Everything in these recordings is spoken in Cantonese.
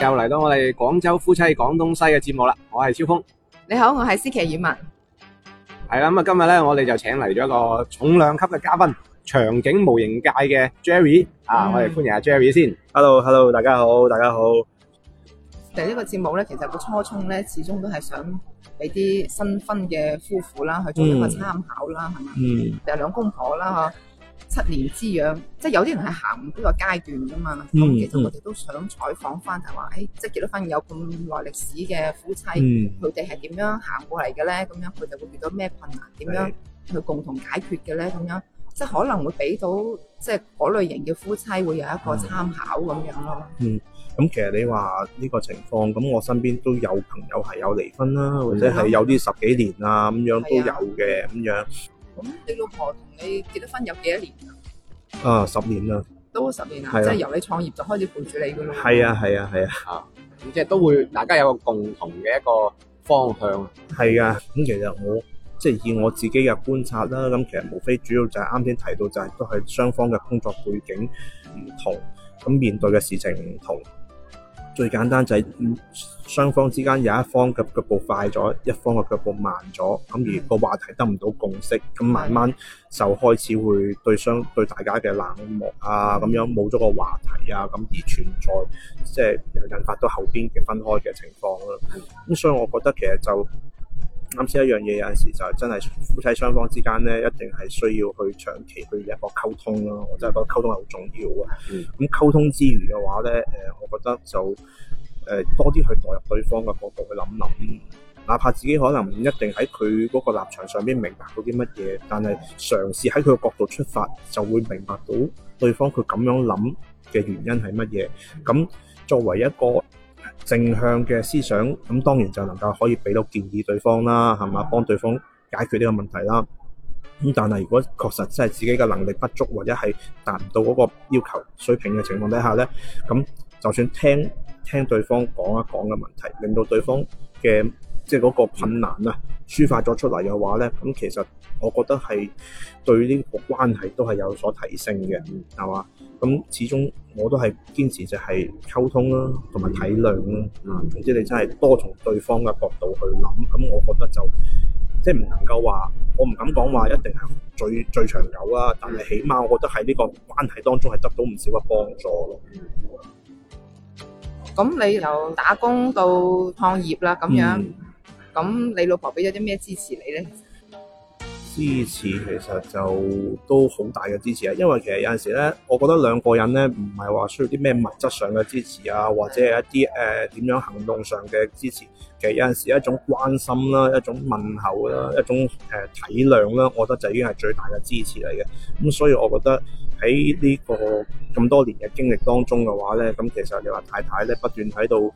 又嚟到我哋廣州夫妻廣東西嘅節目啦，我係超鋒，你好，我係絲奇雨文，係啦，咁啊今日咧，我哋就請嚟咗一個重量級嘅嘉賓，場景模型界嘅 Jerry 啊，我哋歡迎阿 Jerry 先，Hello Hello，大家好，大家好。第一個節目咧，其實個初衷咧，始終都係想俾啲新婚嘅夫婦啦，去做一個參考啦，係嘛，有兩公婆啦，嗬。七年之癢，即係有啲人係行唔到個階段㗎嘛。咁其實我哋都想採訪返，就話誒，即係結咗婚有咁耐歷史嘅夫妻，佢哋係點樣行過嚟嘅咧？咁樣佢就會遇到咩困難？點樣去共同解決嘅咧？咁樣即係可能會俾到即係嗰類型嘅夫妻會有一個參考咁樣咯。嗯，咁其實你話呢個情況，咁我身邊都有朋友係有離婚啦，或者係有啲十幾年啊咁樣都有嘅咁樣。咁、嗯、你老婆同你結咗婚有幾多年啊？啊，十年啦，都十年啦，啊、即係由你創業就開始伴住你噶咯。係啊，係啊，係啊，咁、啊、即係都會大家有個共同嘅一個方向。係啊，咁其實我即係以我自己嘅觀察啦，咁其實無非主要就係啱先提到就係都係雙方嘅工作背景唔同，咁面對嘅事情唔同。最簡單就係雙方之間有一方嘅腳步快咗，一方嘅腳步慢咗，咁而個話題得唔到共識，咁慢慢就開始會對雙對大家嘅冷漠啊，咁樣冇咗個話題啊，咁而存在即係又引發到後邊嘅分開嘅情況啦。咁、嗯、所以我覺得其實就。啱先一樣嘢，有陣時就係真係夫妻雙方之間咧，一定係需要去長期去一個溝通咯。我真係覺得溝通係好重要啊。咁、嗯嗯、溝通之餘嘅話咧，誒、呃，我覺得就誒、呃、多啲去代入對方嘅角度去諗諗，哪怕自己可能唔一定喺佢嗰個立場上邊明白到啲乜嘢，但係嘗試喺佢嘅角度出發，就會明白到對方佢咁樣諗嘅原因係乜嘢。咁、嗯嗯、作為一個正向嘅思想，咁當然就能夠可以俾到建議對方啦，係嘛？幫對方解決呢個問題啦。咁但係如果確實真係自己嘅能力不足，或者係達唔到嗰個要求水平嘅情況底下咧，咁就算聽聽對方講一講嘅問題，令到對方嘅即係嗰個困難啊。抒發咗出嚟嘅話咧，咁其實我覺得係對呢個關係都係有所提升嘅，係嘛？咁始終我都係堅持就係溝通啦、啊，同埋體諒啦。啊，總之你真係多從對方嘅角度去諗，咁我覺得就即係唔能夠話，我唔敢講話一定係最最長久啦、啊，但係起碼我覺得喺呢個關係當中係得到唔少嘅幫助咯。咁你由打工到創業啦，咁樣。咁你老婆俾咗啲咩支持你呢？支持其實就都好大嘅支持啊！因為其實有陣時呢，我覺得兩個人呢唔係話需要啲咩物質上嘅支持啊，或者係一啲誒點樣行動上嘅支持。其實有陣時一種關心啦，一種問候啦，嗯、一種誒體諒啦，我覺得就已經係最大嘅支持嚟嘅。咁所以我覺得喺呢個咁多年嘅經歷當中嘅話呢，咁其實你話太太呢不斷喺度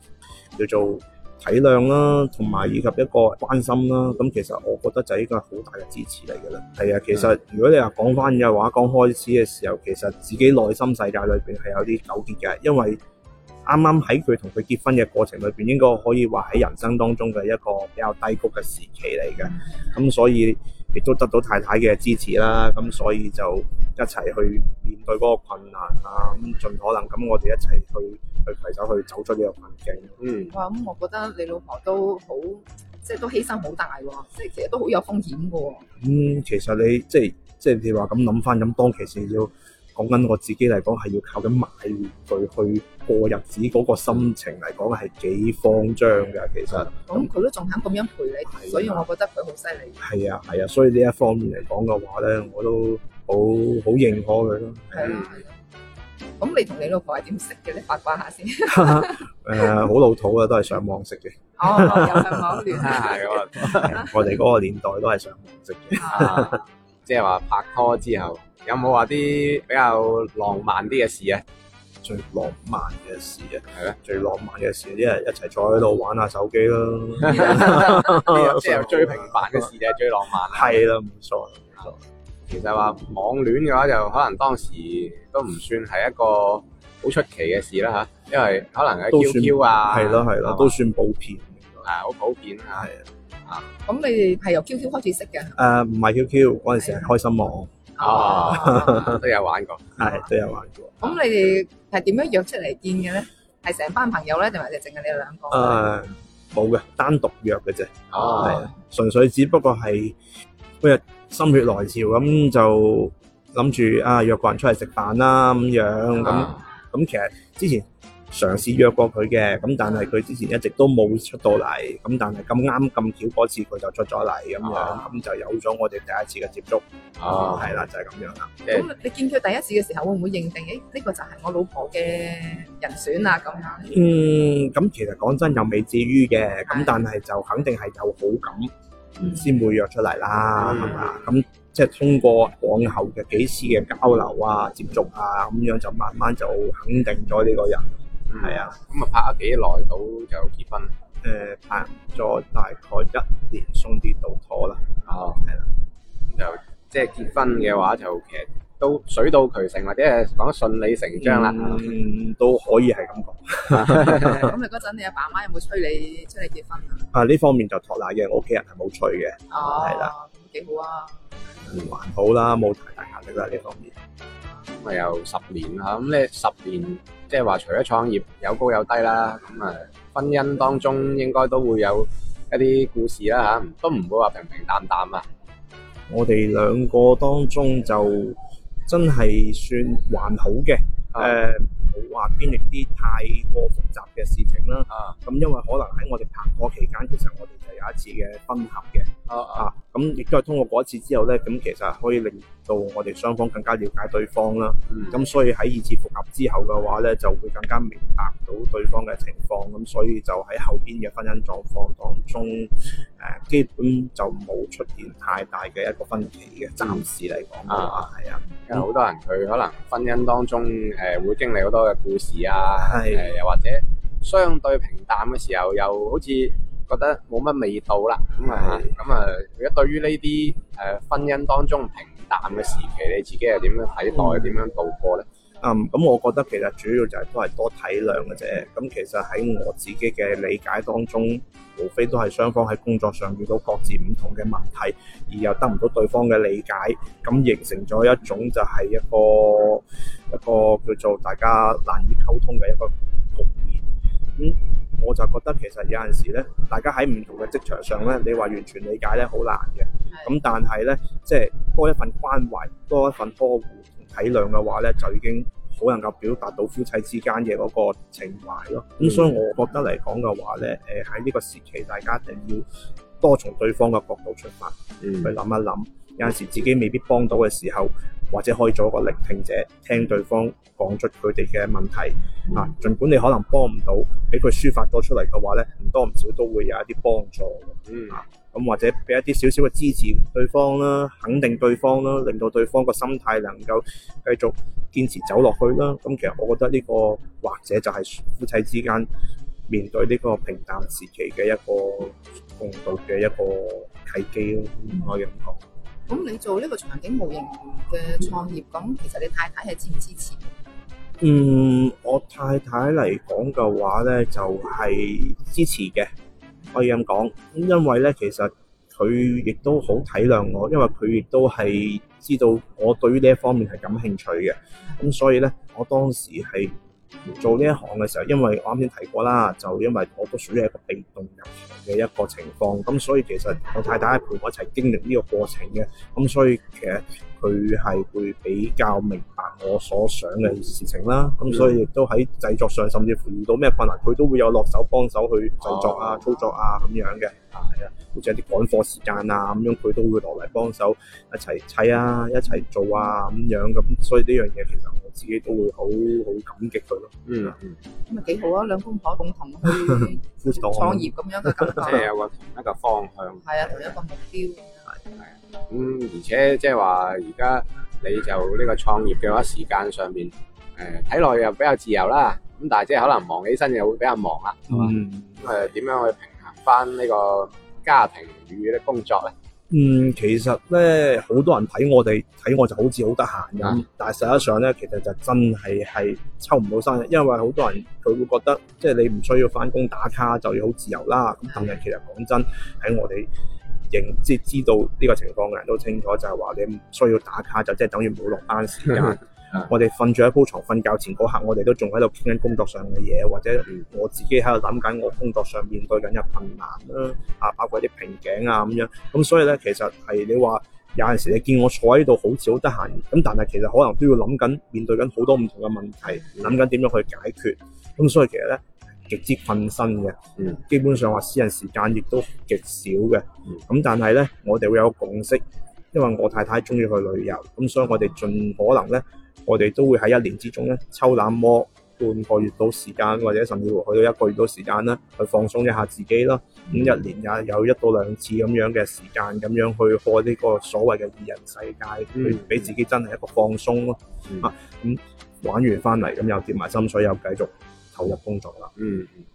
叫做。體諒啦，同埋以及一個關心啦，咁其實我覺得就係一個好大嘅支持嚟嘅啦。係啊，其實如果你話講翻嘅話，剛開始嘅時候，其實自己內心世界裏邊係有啲糾結嘅，因為啱啱喺佢同佢結婚嘅過程裏邊，應該可以話喺人生當中嘅一個比較低谷嘅時期嚟嘅，咁、嗯、所以。亦都得到太太嘅支持啦，咁所以就一齊去面對嗰個困難啊，咁盡可能，咁我哋一齊去去攜手去走出呢個困境。嗯，哇，咁我覺得你老婆都好，即係都犧牲好大喎，即係其實都好有風險嘅喎。嗯，其實你即係即係你話咁諗翻，咁當其時要講緊我自己嚟講，係要靠緊買具去。過日子嗰個心情嚟講，係幾慌張㗎。其實咁佢都仲肯咁樣陪你，的所以我覺得佢好犀利。係啊，係啊，所以呢一方面嚟講嘅話咧，我都好好認可佢咯。係啊，咁你同你老婆係點識嘅咧？八卦下先。誒、 呃，好老土啊，都係上網識嘅、 哦。哦，有上網聯繫、啊、 我哋嗰個年代都係上網識嘅。即係話拍拖之後，有冇話啲比較浪漫啲嘅事啊？最浪漫嘅事啊，係咧嗎！最浪漫嘅事，啲人一齊坐喺度玩下手機咯。即係最平凡嘅事就係最浪漫。係啦，冇錯，冇錯，嗯。其實話網戀嘅話，就可能當時都唔算係一個好出奇嘅事啦嚇，因為可能喺 QQ 啊，係咯係咯，都算普遍，係好普遍啊，係的啊。咁你哋係由 QQ 開始識嘅？誒，唔係 QQ，嗰陣時係開心網。哦、啊，都有玩過，係 都有玩過。咁你哋係點樣約出嚟見嘅咧？係成班朋友咧，定係淨係你哋兩個？誒、啊，冇嘅，單獨約嘅啫。哦、啊，純的粹只不過係嗰日心血來潮，咁就諗住啊，約個人出嚟食飯啦，咁樣咁咁。啊、其實之前。嘗試約過佢嘅咁，但係佢之前一直都冇出到嚟。咁、嗯、但係咁啱咁巧嗰次佢就出咗嚟咁樣，咁、嗯、就有咗我哋第一次嘅接觸。哦、啊，係啦、嗯，就係、是、咁樣啦。咁你見佢第一次嘅時候，會唔會認定？誒、哎、呢、這個就係我老婆嘅人選啊？咁樣，嗯，咁、嗯、其實講真又未至於嘅。咁、嗯、但係就肯定係有好感先會約出嚟啦，係嘛？咁即係通過往後嘅幾次嘅交流啊、接觸啊咁樣，就慢慢就肯定咗呢個人。係啊，咁啊拍咗幾耐到就結婚？誒，拍咗大概一年，鬆啲到妥啦。哦，係啦，就即係結婚嘅話，就其實都水到渠成或者係講順理成章啦。嗯，都可以係咁講。咁你嗰陣你阿爸阿媽有冇催你出嚟結婚啊？啊呢方面就托賴嘅，我屋企人係冇催嘅。哦，係啦，幾好啊。還好啦，冇太大壓力啦呢方面。咁咪有十年啦，咁你十年？即係話，除咗創業有高有低啦，咁啊婚姻當中應該都會有一啲故事啦嚇，都唔會話平平淡淡啊。我哋兩個當中就真係算還好嘅，誒冇話經歷啲太過複雜嘅事情啦。咁的因為可能喺我哋拍過期間，其實我哋就有一次嘅分合嘅。啊啊！咁亦都係通過嗰一次之後咧，咁其實可以令到我哋雙方更加了解對方啦。咁所以喺二次復合之後嘅話咧，就會更加明白到對方嘅情況。咁所以就喺後邊嘅婚姻狀況當中，誒、呃，基本就冇出現太大嘅一個分歧嘅，暫時嚟講、嗯、啊，係啊。因為好多人佢可能婚姻當中誒、呃、會經歷好多嘅故事啊，係唉，又、呃、或者相對平淡嘅時候，又好似。覺得冇乜味道啦，咁、嗯、啊，咁啊、嗯，如果、嗯、對於呢啲誒婚姻當中平淡嘅時期，你自己係點樣睇待？點、嗯、樣度過呢？嗯，咁我覺得其實主要就係都係多體諒嘅啫。咁、嗯、其實喺我自己嘅理解當中，嗯、無非都係雙方喺工作上遇到各自唔同嘅問題，而又得唔到對方嘅理解，咁形成咗一種就係一個、嗯、一個叫做大家難以溝通嘅一個局面。咁、嗯我就覺得其實有陣時咧，大家喺唔同嘅職場上咧，你話完全理解咧好難嘅。咁的但係咧，即係多一份關懷，多一份呵護同體諒嘅話咧，就已經好能夠表達到夫妻之間嘅嗰個情懷咯。咁、嗯、所以我覺得嚟講嘅話咧，誒喺呢個時期，大家一定要多從對方嘅角度出發，嗯、去諗一諗有陣時自己未必幫到嘅時候。或者可以做一個聆聽者，聽對方講出佢哋嘅問題啊。嗯、儘管你可能幫唔到，俾佢抒發出多出嚟嘅話咧，多唔少都會有一啲幫助嘅。嗯。咁、啊、或者俾一啲少少嘅支持對方啦，肯定對方啦，令到對方個心態能夠繼續堅持走落去啦。咁、嗯、其實我覺得呢、呢個或者就係夫妻之間面對呢個平淡時期嘅一個共度嘅一個契機咯。我認同。咁你做呢個場景模型嘅創業，咁其實你太太係支唔支持？嗯，我太太嚟講嘅話咧，就係支持嘅，可以咁講。咁因為咧，其實佢亦都好體諒我，因為佢亦都係知道我對於呢一方面係感興趣嘅。咁所以咧，我當時係。做呢一行嘅時候，因為我啱先提過啦，就因為我都屬於一個被動人嘅一個情況，咁所以其實我太太係陪我一齊經歷呢個過程嘅，咁所以其實佢係會比較明白我所想嘅事情啦，咁所以亦都喺製作上，甚至乎遇到咩困難，佢都會有落手幫手去製作啊、操作啊咁樣嘅，啊係啊，好似啲趕貨時間啊咁樣，佢都會落嚟幫手一齊砌啊、一齊做啊咁樣，咁所以呢樣嘢其實。自己都會好好感激佢咯。嗯嗯。咁咪幾好啊？兩公婆共同去創業咁樣嘅感覺。即係有個同一個方向。係啊，同一個目標。係啊。咁而且即係話，而家你就呢個創業嘅話，時間上面誒睇落又比較自由啦。咁但係即係可能忙起身又會比較忙啦。嗯。咁誒點樣去平衡返呢個家庭與啲工作咧？嗯，其實咧，好多人睇我哋睇我就好似好得閒咁，嗯、但係實際上咧，其實就真係係抽唔到生日，因為好多人佢會覺得即係、就是、你唔需要返工打卡就要好自由啦。咁、嗯、但係其實講真，喺我哋認即係知道呢個情況嘅人都清楚，就係、是、話你唔需要打卡就即係等於冇落班時間，嗯。 我哋瞓住一鋪，床瞓覺前嗰刻，我哋都仲喺度傾緊工作上嘅嘢，或者我自己喺度諗緊我工作上面對緊嘅困難啦，啊包括啲瓶頸啊咁樣。咁、嗯、所以咧，其實係你話有陣時你見我坐喺度好似好得閒，咁但係其實可能都要諗緊面對緊好多唔同嘅問題，諗緊點樣去解決。咁、嗯嗯、所以其實咧極之困身嘅，嗯，基本上話私人時間亦都極少嘅。咁、嗯嗯嗯、但係咧，我哋會有個共識，因為我太太中意去旅遊，咁所以我哋盡可能咧。我哋都會喺一年之中咧抽攬摸半個月到時間，或者甚至乎去到一個月到時間啦，去放鬆一下自己啦。咁一年也有一到兩次咁樣嘅時間，咁樣去開呢個所謂嘅二人世界，去俾自己真係一個放鬆咯。啊，咁玩完翻嚟，咁又跌埋心水，又繼續投入工作啦。嗯嗯，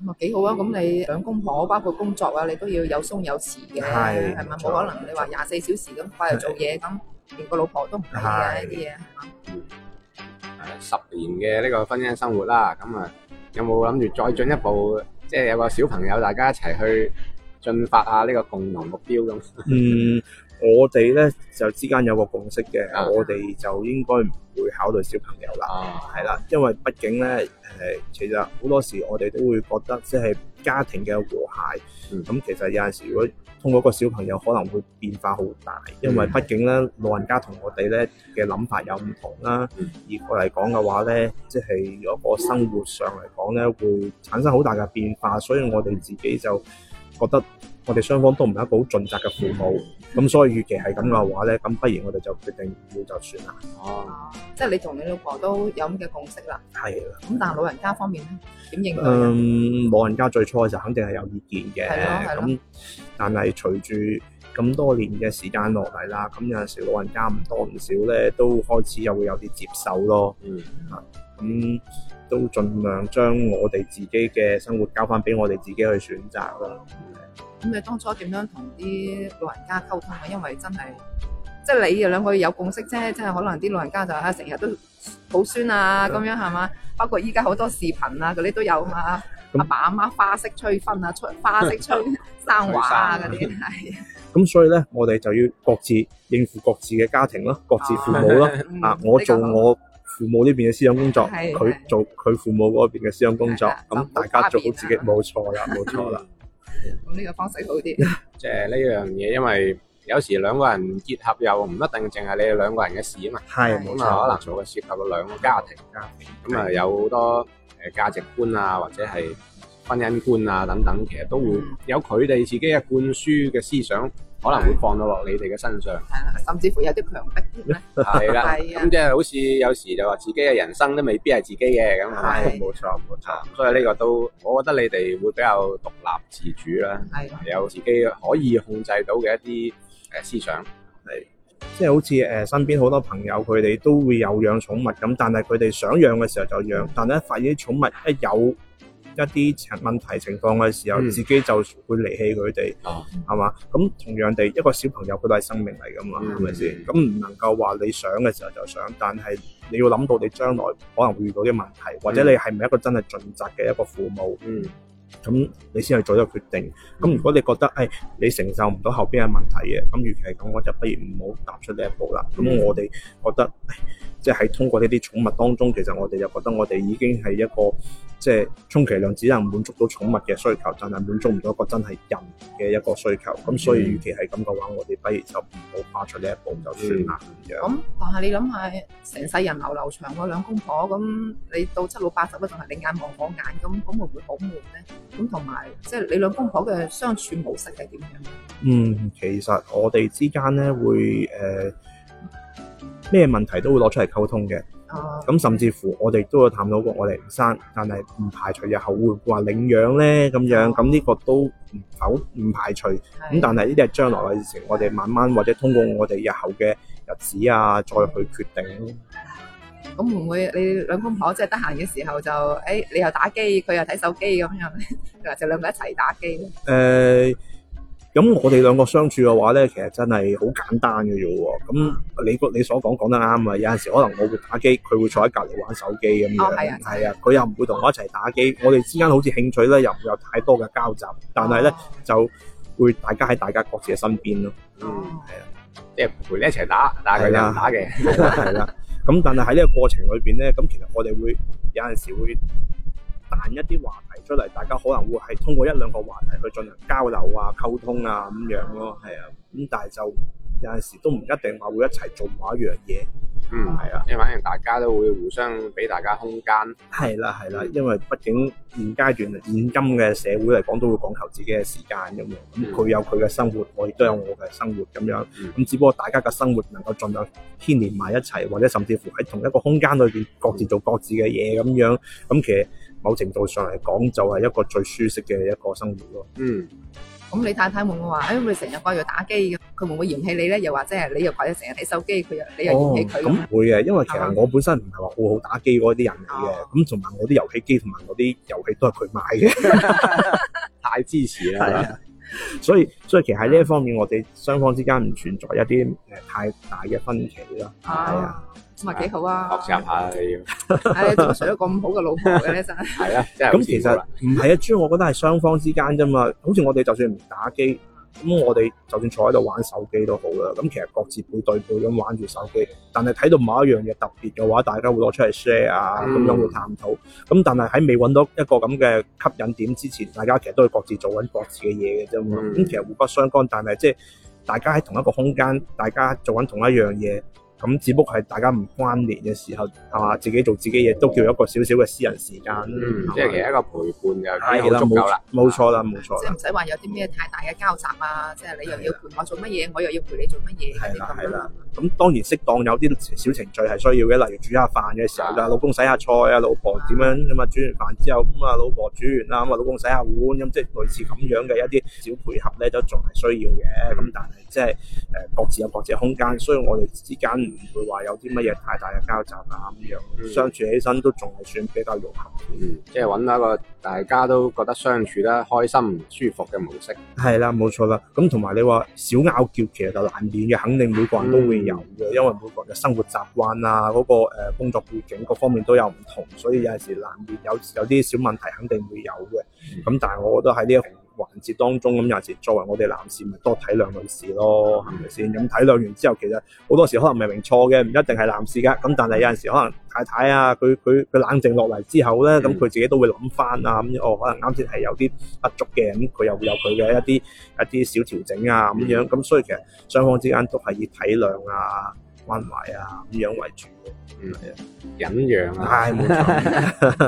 咁啊幾好啊！咁你兩公婆包括工作啊，你都要有鬆有弛嘅，係，係咪？冇可能你話廿四小時咁掛住做嘢咁。連個老婆都唔理解呢啲嘢，係嘛的？誒、嗯呃，十年嘅呢個婚姻生活啦，咁啊、嗯，有冇諗住再進一步，即係有個小朋友，大家一齊去進發下呢個共同目標咁。 嗯我哋呢就之間有個共識嘅，啊、我哋就應該唔會考慮小朋友啦，係啦、啊，因為畢竟呢，誒，其實好多時我哋都會覺得，即係家庭嘅和諧，咁、嗯、其實有陣時如果通過個小朋友可能會變化好大，因為畢竟呢，老人家同我哋呢嘅諗法有唔同啦，嗯、而嚟講嘅話呢，即係如果個生活上嚟講呢，會產生好大嘅變化，所以我哋自己就覺得，我哋雙方都唔係一個好盡責嘅父母，咁所以預期係咁嘅話咧，咁不如我哋就決定要就算啦。哦，即係你同你老婆都有咁嘅共識啦。係啊的，咁但係老人家方面咧，點認同？嗯？老人家最初嘅時候肯定係有意見嘅，咁、嗯、但係隨住咁多年嘅時間落嚟啦，咁有陣時老人家唔多唔少咧，都開始又會有啲接受咯。嗯啊，咁、嗯。嗯嗯嗯都盡量將我哋自己嘅生活交翻俾我哋自己去選擇啦。咁你當初點樣同啲老人家溝通啊？因為真係，即係你哋兩個有共識啫，即係可能啲老人家就啊，成日都好酸啊，咁樣係嘛？包括依家好多視頻啊，嗰啲都有嘛。阿爸阿媽花式催婚啊，出花式催生話啊，嗰啲係。咁所以咧，我哋就要各自應付各自嘅家庭咯，各自父母咯。啊，我做我。父母呢邊嘅思想工作，佢做佢父母嗰邊嘅思想工作，咁大家做好自己，冇錯啦，冇錯啦。咁呢個方式好啲。即係呢樣嘢，因為有時兩個人結合又唔一定淨係你哋兩個人嘅事啊嘛。係。咁啊、嗯，錯嗯、可能仲係涉及到兩個家庭啊。咁啊，嗯嗯、有好多誒價值觀啊，或者係婚姻觀啊等等，其實都會有佢哋自己嘅灌輸嘅思想，可能會放到落你哋嘅身上。甚至乎有啲強迫啲咧，係啦係啊，咁即係好似有時就話自己嘅人生都未必係自己嘅咁啊，冇錯冇錯， 所以呢個都我覺得你哋會比較獨立自主啦， 有自己可以控制到嘅一啲誒思想嚟，即係好似誒身邊好多朋友佢哋都會有養寵物咁，但係佢哋想養嘅時候就養，但係一發現啲寵物一有一啲情問題情況嘅時候，嗯、自己就會離棄佢哋，係嘛、哦？咁同樣地，一個小朋友佢都係生命嚟噶嘛，係咪先？咁唔能夠話你想嘅時候就想，但係你要諗到你將來可能會遇到啲問題，嗯、或者你係咪一個真係盡責嘅一個父母？嗯，咁、嗯、你先去做一個決定。咁如果你覺得誒、嗯哎、你承受唔到後邊嘅問題嘅，咁與其係咁，我就不如唔好踏出呢一步啦。咁我哋覺得。哎即係喺通過呢啲寵物當中，其實我哋就覺得我哋已經係一個，即係充其量只能滿足到寵物嘅需求，但係滿足唔到一個真係人嘅一個需求。咁、嗯、所以，與其係咁嘅話，我哋不如就唔好跨出呢一步就算啦。咁、嗯樣嗯，但係你諗下，成世人流流長，我兩公婆咁，你到七老八十咧，仲係你眼望我眼咁，咁會唔會好悶咧？咁同埋，即係你兩公婆嘅相處模式係點樣？嗯，其實我哋之間咧會誒。呃咩問題都會攞出嚟溝通嘅，咁、哦、甚至乎我哋都有探討過我哋唔生，但係唔排除日後會話領養咧咁樣，咁呢個都唔否唔排除，咁是但係呢啲係將來嘅事情，是我哋慢慢或者通過我哋日後嘅日子啊再去決定。咁唔會你兩公婆即係得閒嘅時候就，誒、哎、你又打機，佢又睇手機咁樣，就兩個一齊打機。誒、呃。咁我哋兩個相處嘅話咧，其實真係好簡單嘅啫喎。咁你你所講講得啱啊！有陣時可能我會打機，佢會坐喺隔籬玩手機咁樣，係啊、哦，佢的又唔會同我一齊打機。我哋之間好似興趣咧，又唔會有太多嘅交集。但係咧，哦、就會大家喺大家各自嘅身邊咯。哦、嗯，係啊，即係陪你一齊打打佢啦，打嘅係啦。咁的 但係喺呢個過程裏邊咧，咁其實我哋會有陣時會。彈一啲話題出嚟，大家可能會係通過一兩個話題去進行交流啊、溝通啊咁樣咯，係啊。咁但係就有陣時都唔一定話會一齊做某一樣嘢。嗯，係啊的，因為反正大家都會互相俾大家空間。係啦，係啦，嗯、因為畢竟現階段啊、現今嘅社會嚟講，都會講求自己嘅時間咁樣。佢有佢嘅生活，我亦都有我嘅生活咁樣。咁、嗯、只不過大家嘅生活能夠盡量牽連埋一齊，或者甚至乎喺同一個空間裏邊各自做各自嘅嘢咁樣。咁其實～某程度上嚟講，就係、是、一個最舒適嘅一個生活咯。嗯，咁你太太會唔會話？誒，你成日掛住打機嘅，佢會唔會嫌棄你咧？又或者係你又掛住成日睇手機，佢又你又嫌棄佢？哦，咁會嘅，因為其實我本身唔係話好好打機嗰啲人嚟嘅。咁同埋我啲遊戲機同埋我啲遊戲都係佢買嘅。 太支持啦！ 啊、所以所以其實喺呢一方面，我哋雙方之間唔存在一啲誒太大嘅分歧啦。啊呀～、嗯咪幾好啊！學習下你要，唉，仲屬一個咁好嘅老婆嘅咧，真係。係啊，咁其實唔係啊，主要我覺得係雙方之間啫嘛。好似我哋就算唔打機，咁我哋就算坐喺度玩手機都好啦。咁其實各自背對背咁玩住手機，但係睇到某一樣嘢特別嘅話，大家會攞出嚟 share 啊，咁樣會探討。咁、嗯、但係喺未揾到一個咁嘅吸引點之前，大家其實都係各自做緊各自嘅嘢嘅啫嘛。咁、嗯、其實互不相干，但係即係大家喺同一個空間，大家做緊同一樣嘢。咁只不過係大家唔關聯嘅時候，係、啊、嘛？自己做自己嘢都叫一個少少嘅私人時間，即係、嗯、吧其實一個陪伴嘅，咁又足夠啦。冇錯啦，冇錯。即係唔使話有啲咩太大嘅交集啊！嗯、即係你又要陪我做乜嘢，的我又要陪你做乜嘢，啲咁的樣。咁當然適當有啲小程序係需要嘅，例如煮下飯嘅時候，咁的老公洗下菜啊，老婆點樣咁啊，煮完飯之後，咁啊老婆煮完啦，咁啊老公洗下碗，咁即係類似咁樣嘅一啲小配合咧，都仲係需要嘅。咁、嗯、但係即係誒各自有各自嘅空間，所以我哋之間唔會話有啲乜嘢太大嘅交集啊咁樣、嗯、相處起身都仲係算比較融合，嗯，即係揾一個大家都覺得相處得開心舒服嘅模式。係啦、嗯，冇錯啦。咁同埋你話小拗叫，其實就難免嘅，肯定每個人都會。有嘅，因為每個人嘅生活習慣啊，嗰個誒工作背景各方面都有唔同，所以有陣時難免有有啲小問題，肯定會有嘅。咁、嗯、但係我覺得喺呢一環節當中咁有陣時，作為我哋男士咪多體諒女士咯，係咪先？咁、嗯、體諒完之後，其實好多時可能明明錯嘅，唔一定係男士噶。咁但係有陣時可能太太啊，佢佢佢冷靜落嚟之後咧，咁佢自己都會諗返啊，咁、嗯嗯、哦，可能啱先係有啲不足嘅，咁佢又會有佢嘅一啲一啲小調整啊，咁樣。咁、嗯、所以其實雙方之間都係以體諒啊。關懷啊，忍讓為主，嗯係啊，忍讓啊，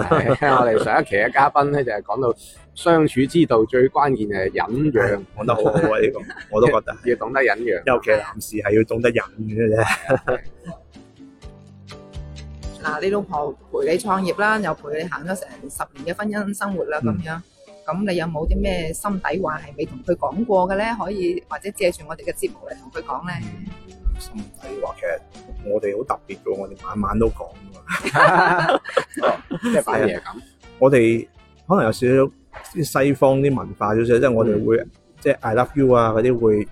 係我哋上一期嘅嘉賓咧，就係講到相處之道，最關鍵係忍讓，講得好好啊呢個，我都覺得要懂得忍讓，尤其男士係要懂得忍嘅啫。嗱，你老婆陪你創業啦，又陪你行咗成十年嘅婚姻生活啦，咁樣，咁你有冇啲咩心底話係未同佢講過嘅咧？可以或者借住我哋嘅節目嚟同佢講咧？心底話其實我哋好特別噶，我哋晚晚都講，即係擺咁。我哋可能有少少啲西方啲文化少少，就是嗯、即係我哋會即係 I love you 啊嗰啲會，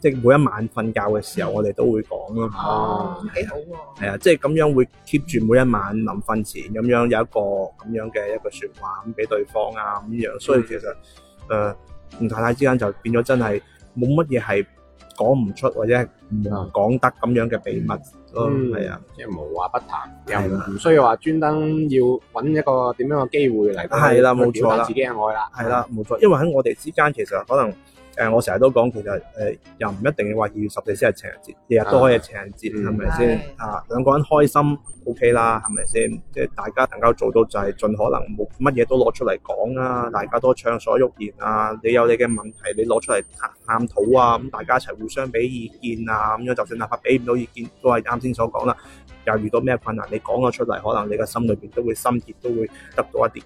即係每一晚瞓覺嘅時候，我哋都會講咯。哦，幾好係啊，即係咁樣會 keep 住每一晚諗瞓前咁樣有一個咁樣嘅一個說話咁俾對方啊咁樣。所以其實誒，同太太之間就變咗真係冇乜嘢係。講唔出或者係唔講得咁樣嘅秘密，係、嗯、啊，即係無話不談，啊、又唔需要話專登要揾一個點樣嘅機會嚟係啦，冇錯啦，自己嘅愛啦，係啦、啊，冇錯、啊啊，因為喺我哋之間其實可能。誒、呃，我成日都講，其實誒、呃、又唔一定要話二月十四先係情人節，日日都可以係情人節，係咪先？是是啊，兩個人開心 OK 啦，係咪先？即、就、係、是、大家能夠做到就係盡可能冇乜嘢都攞出嚟講啊，的大家都暢所欲言啊，你有你嘅問題你，你攞出嚟探探討啊，咁的、嗯、大家一齊互相俾意見啊，咁、嗯、樣就算哪怕俾唔到意見，都係啱先所講啦。又遇到咩困難，你講咗出嚟，可能你嘅心裏邊都會心結，都會得到一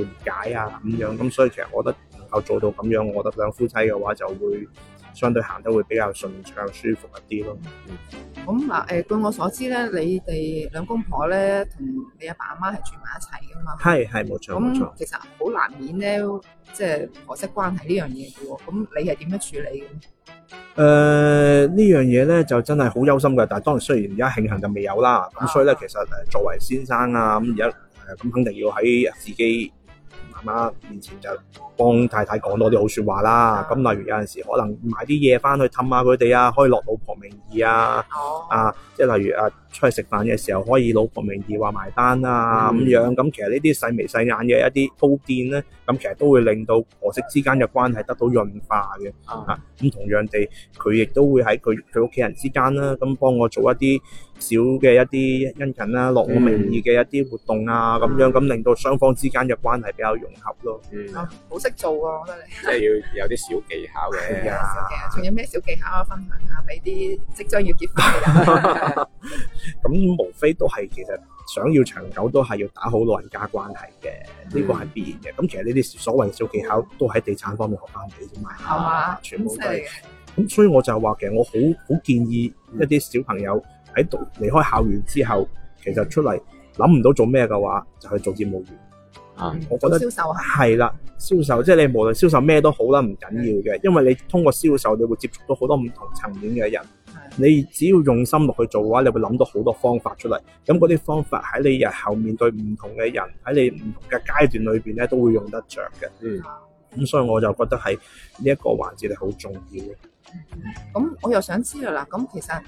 啲緩解啊，咁樣。咁的、嗯、所以其實我覺得，夠做到咁樣，我覺得兩夫妻嘅話就會相對行得會比較順暢、舒服一啲咯。 嗯，咁嗱，誒、呃啊、據我所知咧，你哋兩公婆咧同你阿爸阿媽係住埋一齊嘅嘛？係係冇錯冇錯，那錯其實好難免咧，即係婆媳關係呢樣嘢嘅喎。咁你係點樣處理嘅？誒、呃、呢樣嘢咧就真係好憂心嘅，但係當然雖然而家慶幸就未有啦、啊。咁、啊啊、所以咧，其實作為先生啊咁而家誒咁肯定要喺自己。阿媽面前就幫太太講多啲好説話啦，咁例如有陣時可能買啲嘢翻去氹下佢哋啊，可以落老婆名義啊，啊，即係例如啊。出去食飯嘅時候，可以老婆名義話埋單啊，咁、嗯、樣，咁其實呢啲細眉細眼嘅一啲鋪墊咧，咁其實都會令到婆媳之間嘅關係得到潤化嘅、嗯、啊。咁同樣地，佢亦都會喺佢佢屋企人之間啦、啊，咁幫我做一啲小嘅一啲殷勤啦，落我名義嘅一啲活動啊，咁樣咁令到雙方之間嘅關係比較融合咯。嗯，好識、啊、做啊，我覺得。你。即係要有啲小技巧嘅。啊、有小技巧，仲有咩小技巧啊？分享下俾啲即將要結婚 咁無非都係其實想要長久，都係要打好老人家關係嘅，呢個係必然嘅。咁其實呢啲所謂小技巧都喺地產方面學翻嚟啫嘛，係嘛，啊、全部都係。咁、啊嗯、所以我就話其實我好好建議一啲小朋友喺讀離開校園之後，嗯、其實出嚟諗唔到做咩嘅話，就去、係、做業務員。啊，我覺得銷售係、啊、啦，銷售即係你無論銷售咩都好啦，唔緊要嘅，嗯、因為你通過銷售，你會接觸到好多唔同層面嘅人。你只要用心落去做嘅話，你會諗到好多方法出嚟。咁嗰啲方法喺你日後面，面對唔同嘅人，喺你唔同嘅階段裏邊咧，都會用得着嘅。嗯，咁所以我就覺得喺呢一個環節你好重要。咁、嗯、我又想知道啦，咁其實。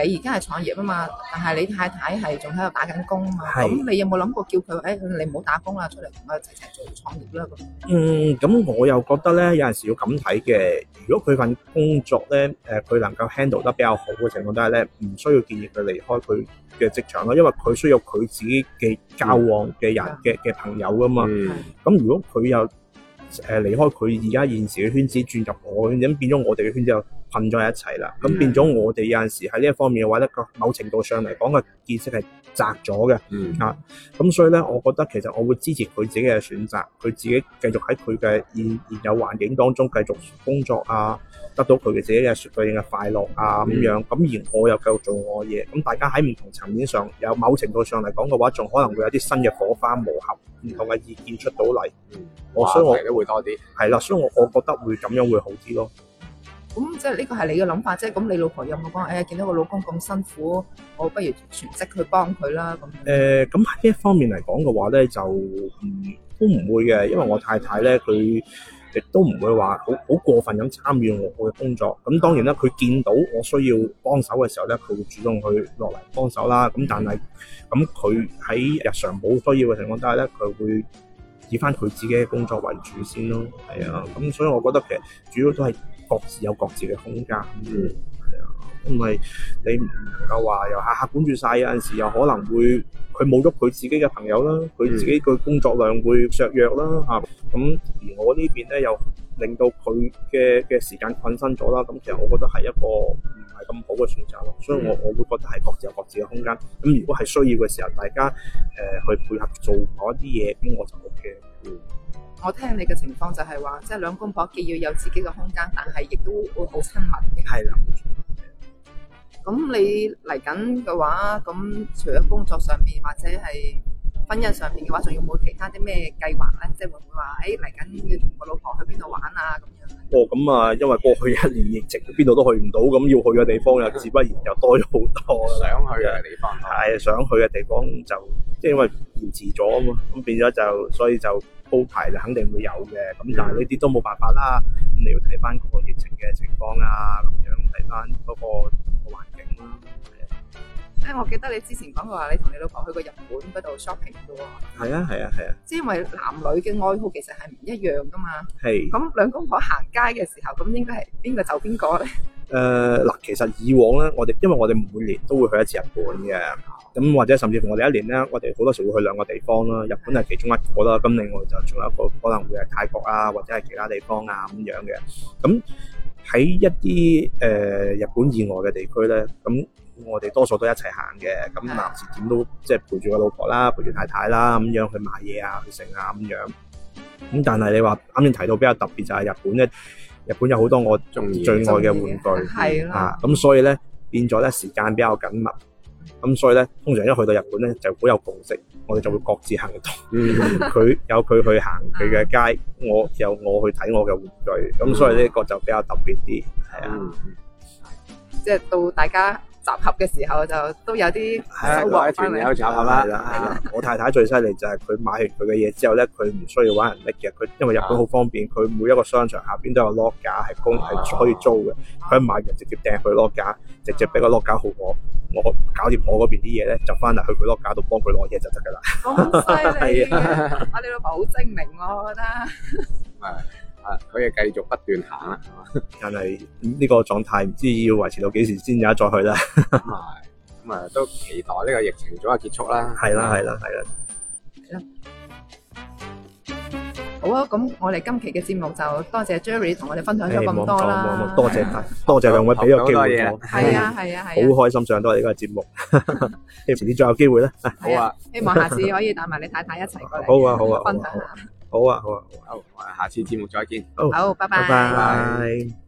你而家係創業啊嘛，但係你太太係仲喺度打緊工啊嘛，咁是你有冇諗過叫佢，誒、欸，你唔好打工啦，出嚟同我一齊做創業啦咁。嗯，咁我又覺得咧，有陣時要咁睇嘅。如果佢份工作咧，誒、呃，佢能夠 handle 得比較好嘅情況底下咧，唔需要建議佢離開佢嘅職場咯，因為佢需要佢自己嘅交往嘅人嘅嘅朋友噶嘛。咁如果佢有。誒，離開佢而家現時嘅圈，圈子，轉入我嘅圈子，咁變咗我哋嘅圈子就混咗一齊啦。咁、mm hmm. 變咗我哋有陣時喺呢一方面嘅話，得個某程度上嚟講嘅見識係。窄咗嘅啊，咁所以咧，我覺得其實我會支持佢自己嘅選擇，佢自己繼續喺佢嘅現現有環境當中繼續工作啊，得到佢嘅自己嘅絕對性嘅快樂啊，咁、嗯、樣咁而我又繼續做我嘢，咁、嗯、大家喺唔同層面上，有某程度上嚟講嘅話，仲可能會有啲新嘅火花磨合，唔同嘅意見出到嚟。嗯、所以我我會多啲，所以我我覺得會咁樣會好啲咯。咁即係呢個係你嘅諗法啫。咁你老婆有冇講？誒、哎，見到個老公咁辛苦，我不如全職去幫佢啦。咁誒、呃，咁喺呢一方面嚟講嘅話咧，就唔都唔會嘅，因為我太太咧，佢亦都唔會話好好過分咁參與我嘅工作。咁當然啦，佢見到我需要幫手嘅時候咧，佢會主動去落嚟幫手啦。咁但係咁佢喺日常冇需要嘅情況底下咧，佢會以翻佢自己嘅工作為主先咯，係啊，咁所以我覺得其實主要都係各自有各自嘅空間，嗯，係啊，因為你唔能夠話又下下管住晒，有陣時又可能會。佢冇咗佢自己嘅朋友啦，佢自己嘅工作量會削弱啦、嗯啊，啊，咁而我呢邊咧又令到佢嘅嘅時間困身咗啦，咁其實我覺得係一個唔係咁好嘅選擇咯，嗯、所以我我會覺得係各自有各自嘅空間，咁、啊、如果係需要嘅時候，大家誒、呃、去配合做一啲嘢，咁我就 ok。嗯、我聽你嘅情況就係話，即係兩公婆既要有自己嘅空間，但係亦都會好親密嘅。係啦。咁你嚟緊嘅話，咁除咗工作上面或者係婚姻上面嘅話，仲有冇其他啲咩計劃咧？即係會唔會話欸嚟緊要同個老婆去邊度玩啊？咁樣哦，咁啊，因為過去一年疫情，邊度都去唔到，咁要去嘅地方又自不然又多咗好多。想去嘅地方，係啊，想去嘅地方就即係因為延遲咗啊嘛，咁變咗就所以就。鋪排就肯定會有嘅，咁但係呢啲都冇辦法啦。咁你要睇翻個疫情嘅情況啊，咁樣睇翻嗰個環境。誒，我記得你之前講過話，你同你老婆去過日本嗰度 shopping 噶喎。係啊，係啊，係啊。即係因為男女嘅愛好其實係唔一樣噶嘛。係。咁兩公婆行街嘅時候，咁應該係邊個走邊個咧？誒，嗱，其實以往咧，我哋因為我哋每年都會去一次日本嘅。咁或者甚至乎我哋一年咧，我哋好多時會去兩個地方啦，日本係其中一個啦。咁另外就仲有一個可能會係泰國啊，或者係其他地方啊咁樣嘅。咁喺一啲誒、呃、日本以外嘅地區咧，咁我哋多數都一齊行嘅。咁男士點都即係、就是、陪住個老婆啦，陪住太太啦咁樣去買嘢啊，去食啊咁樣。咁但係你話啱先提到比較特別就係日本咧，日本有好多我最愛嘅玩具啊，咁的、啊、所以咧變咗咧時間比較緊密。咁所以咧，通常一去到日本咧，就好有共識，我哋就會各自行動。佢 有佢去行佢嘅街， 我有我去睇我嘅玩具。咁 所以呢個就比較特別啲，係、嗯、啊。即係到大家集合嘅時候就都有啲收穫出啦。我太太最犀利就係佢買完佢嘅嘢之後咧，佢唔需要揾人拎嘅。佢因為日本好方便，佢每一個商場下邊都有攞架係供係可以租嘅。佢買完直接掟佢攞架，直接俾個攞架號我，我搞掂我嗰邊啲嘢咧，就翻嚟去佢攞架度幫佢攞嘢就得㗎啦。我好犀利啊！我哋 老婆好精明，我覺得。係。 啊，可以繼續不斷行啦，但係呢個狀態唔知要維持到幾時先，有得再去啦。係、嗯，咁、嗯、啊都期待呢個疫情早日結束啦。係啦，係啦，係啦。好啊，咁我哋今期嘅節目就多謝 Jerry 同我哋分享咗咁多啦。多謝的多謝兩位俾個機會我。好多嘢啊！係啊係啊，係好開心上到呢個節目。遲啲再有機會咧。係啊，希望下次可以帶埋你太太一齊過嚟、啊。好啊好啊，分享、啊好啊，好啊，好啊，下次節目再見。Oh, 好，拜拜。